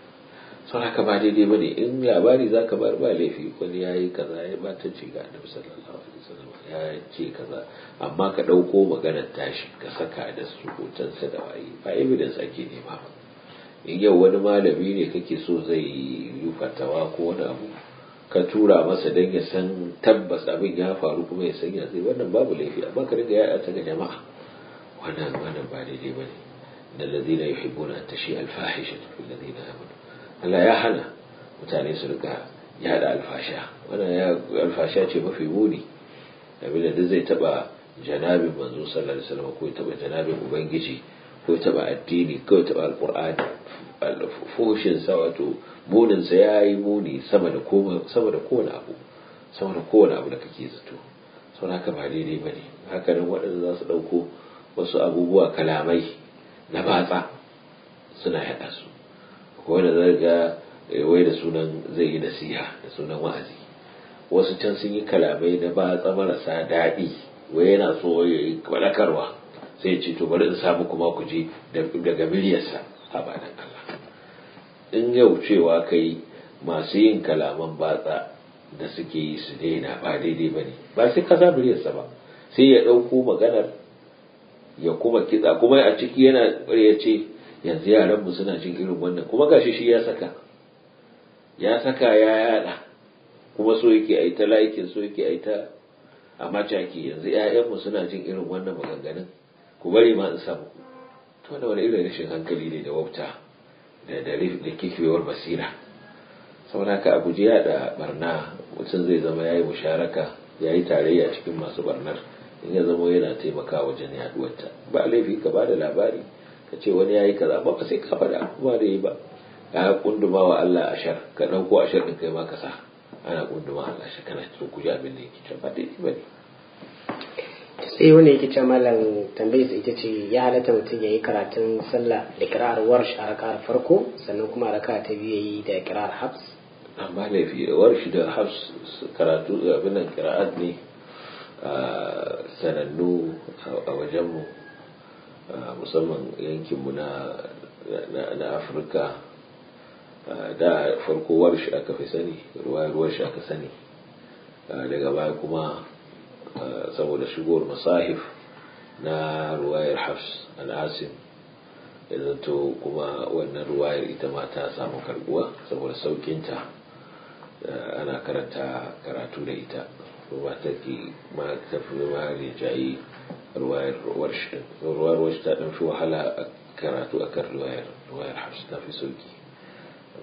sau haka ba daidai ba ne in labari za ka bar ba laifi wani ya yi kaza ya ba ce ga annabi sallallahu alaihi wasallam ya ce kaza amma ka ɗauko maganar tashi ka saka da su hotonsa da waye ba evidence ake nema ba in yau wani malami ne kake so zai yi fatawa ko wani abu ka tura masa don ya san tabbas abin ya faru kuma ya san ya wannan babu laifi amma ka riga ya ta ga jama'a wannan wannan ba daidai ne da ladina yuhibbuna an tashi tafi lazina ya mutu Allah ya hana mutane su riga ya da alfasha wannan ya alfasha ce mafi muni abin da zai taba janabin manzo sallallahu alaihi wasallam ko ya taba janabin ubangiji ko ya taba addini ko ya taba alqur'ani fushinsa wato muninsa ya yi muni sama da kowane abu sama da kowane abu da kake zato sau haka ba daidai ba ne haka nan waɗanda za su ɗauko wasu abubuwa kalamai na batsa suna yaɗa su ko wanda zarga eh, wai da sunan zai yi nasiha da sunan wa'azi wasu can sun yi kalamai na batsa marasa daɗi wai yana so ya faɗakarwa sai ce to bari in samu kuma ku je daga miliyarsa a banan Allah in yau cewa kai masu yin kalaman batsa da suke yi su daina ba daidai ba ne ba sai ka sa ba sai ya ɗauko maganar ya kuma kitsa kuma a ciki yana ya ce yanzu yaranmu suna jin irin wannan kuma gashi shi ya saka ya saka ya yada kuma so yake a yi ta laikin so yake a yi ta a macaki yanzu ‘ya'yanmu suna jin irin wannan maganganun ku bari ma in samu to da wani irin rashin hankali ne da wauta da da kifewar basira saboda ka a guji yada barna mutum zai zama ya yi musharaka ya yi tarayya cikin masu barnar in ya zama yana taimaka wajen ta ba laifi ka ba da labari ka ce wani ya yi kaza ba sai ka faɗa kuma da yi ba ya kunduma wa Allah ashar ka ɗauko ashar ɗin kai ma ka sa ana kunduma Allah shi kana cikin guji abin da yake can ba daidai ba ne sai eh, wani yake ce malam tambayarsa ita ce ya halatta mutum ya yi karatun sallah da kirar warsh a raka'ar farko sannan kuma raka ta biyu ya yi da kirar habs amma fi warsh da habs karatu abin nan kira'ad ne sanannu a wajenmu musamman yankinmu na afirka da farko warshi aka fi sani ruwa ruwarshi aka sani daga baya kuma saboda shigowar masahif na ruwayar hafs al'asim ya to kuma wannan ruwayar ita ma ta samu karbuwa saboda saukinta eh, ana karanta karatu da ita ba ta ke ma fi ma rijayi ruwayar warshe ruwayar warshe ta ɗan fi wahala a karatu akan ruwayar ruwayar hafs ta fi sauki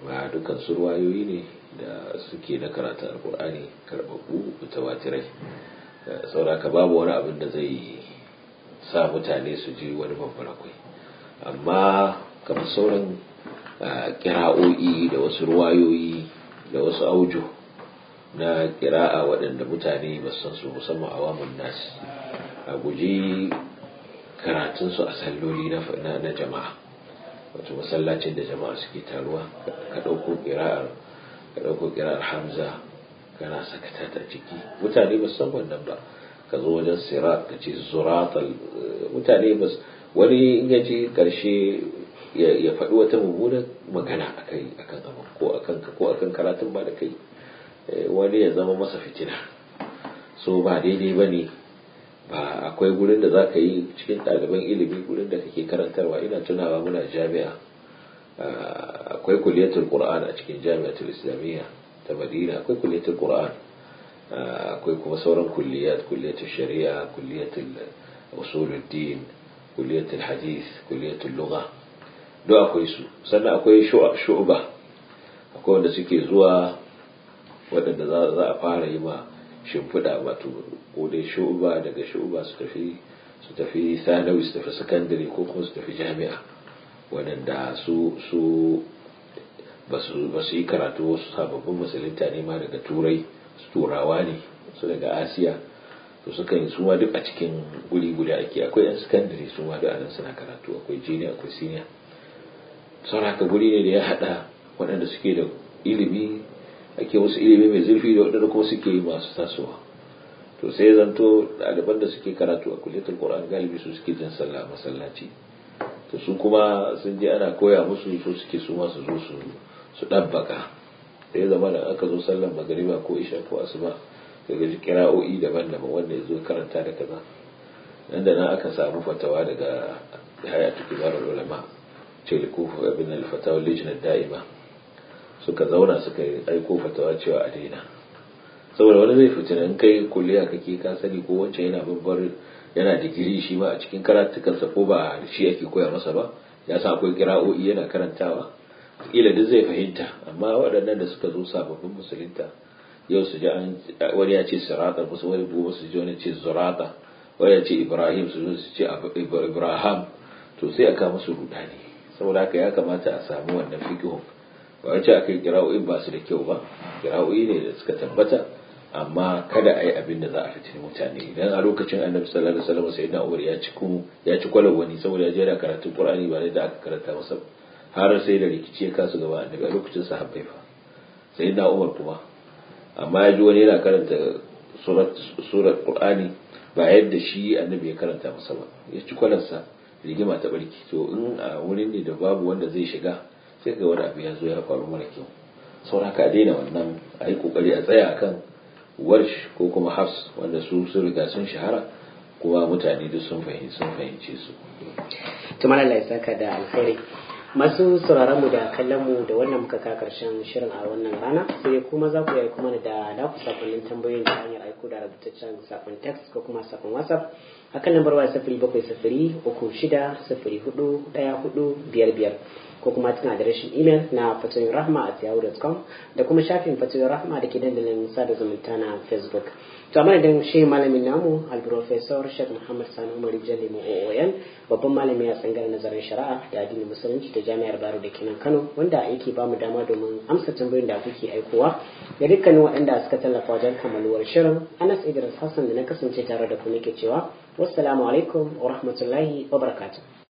amma dukkan su ruwayoyi ne da suke na karatu al-qur'ani karbabu mutawatirai sauraka babu wani abin da zai sa mutane su ji wani babbar akwai amma kamar sauran kira'o'i da wasu ruwayoyi da wasu aujo na kira'a waɗanda mutane ba san su musamman awamun nasi a guji karatunsu a salloli na jama'a wato masallacin da jama'a suke taruwa ka ɗauko kira'ar hamza kana sakata ta ciki mutane ba san wannan ba ka zo wajen sirat ka ce zuratal eh, mutane ba wani in ya ji karshe ya faɗi wata mummunar magana akai akan zama ko akan ko akan karatun ba da kai eh, wani ya zama masa fitina so ba daidai ba ne ba akwai gurin da za ka yi cikin ɗaliban ilimi gurin da kake karantarwa ina tunawa muna jami'a ah, akwai kuliyatul qur'an a cikin jami'atul islamiyya ta madina akwai kulliyatul qur'an akwai kuma sauran kulliyat kulliyatul shari'a kulliyatul usuluddin kulliyatul hadith kulliyatul lugha duk akwai su sannan akwai shu'ba akwai wanda suke zuwa waɗanda za a fara yi ma shimfiɗa wato ko dai shu'ba daga shu'ba su tafi su tafi sanawi su tafi sakandare ko kuma su tafi jami'a waɗanda su su ba su yi karatu wasu sababbin musulunta ne ma daga turai su turawa ne su daga asiya to suka yi suma duk a cikin guri guda ake akwai yan sakandare suma duk anan suna karatu akwai jini akwai siniya sauran haka guri ne da ya haɗa waɗanda suke da ilimi ake wasu ilimi mai zurfi da waɗanda kuma suke yi masu tasowa to sai zanto ɗaliban da suke karatu a kulletul qur'an galibi su suke jin sallah masallaci to su kuma sun je ana koya musu su suke su masu zo su su ɗabbaka da ya zama da aka zo sallar magariba ko isha ko asuba daga ji kira'o'i daban-daban wanda ya zo karanta da kaza nan da nan aka samu fatawa daga hayatu kibarar ulama ce likufu abin alfatawa lijinar da'ima suka zauna suka yi aiko fatawa cewa a daina saboda wani zai fitina in kai kulliya kake ka sani ko wancan yana babbar yana digiri shi ma a cikin karatukansa ko ba shi ake koya masa ba ya sa akwai kira'o'i yana karantawa kila da zai fahimta amma waɗannan da suka zo sababbin musulunta yau su ji wani ya ce sirata musu wani gobe su ji wani ce zurata wani ya ce ibrahim su su ce ibrahim to sai a kama su rudani saboda haka ya kamata a samu wannan fikihun ba wace a kai kira'o'in ba su da kyau ba kira'o'i ne da suka tabbata amma kada a yi abin da za a fitin mutane idan a lokacin annabi sallallahu alaihi wasallam sai da uwar ya ci ya ci wani saboda ya jera karatun qur'ani ba da aka karanta masa har sai da rikici ya kasu gaba daga lokacin sahabbai fa sai na umar kuma amma ya ji wani yana karanta surar qur'ani ba yadda shi annabi ya karanta masa ba ya ci kwalansa rigima ta barki to in a wurin ne da babu wanda zai shiga sai ga wani abu ya zo ya faru mara kyau saura ka daina wannan a yi kokari a tsaya akan warsh ko kuma hafs wanda su sun riga sun shahara kuma mutane duk sun fahimci su kuma malalla ya saka da alkhairi masu sauraron mu da kallon mu da wannan muka ka karshen shirin a wannan rana sai kuma za ku yi kuma da naku sakonnin tambayoyin ta hanyar aiko da rubutaccen sakon text ko kuma sakon whatsapp akan lambar waya sifiri bakwai sifiri uku shida sifiri hudu daya hudu biyar biyar ko kuma tana da rashin email na fatoyin rahma at tiyawu.com da kuma shafin fatoyin rahma da ke dandalin sada zumunta na facebook kamar da shi malamin namu alprofesor sheikh muhammad sani umar jalli oyan babban malami a tsangar nazarin shari'a da addinin musulunci da jami'ar baro da kinan kano wanda yake ba mu dama domin amsa tambayoyin da kuke aikowa ga dukkanin waɗanda suka tallafa wajen kammaluwar shirin anas idris hassan da na kasance tare da ku nake cewa wassalamu alaikum wa rahmatullahi wa barakatuh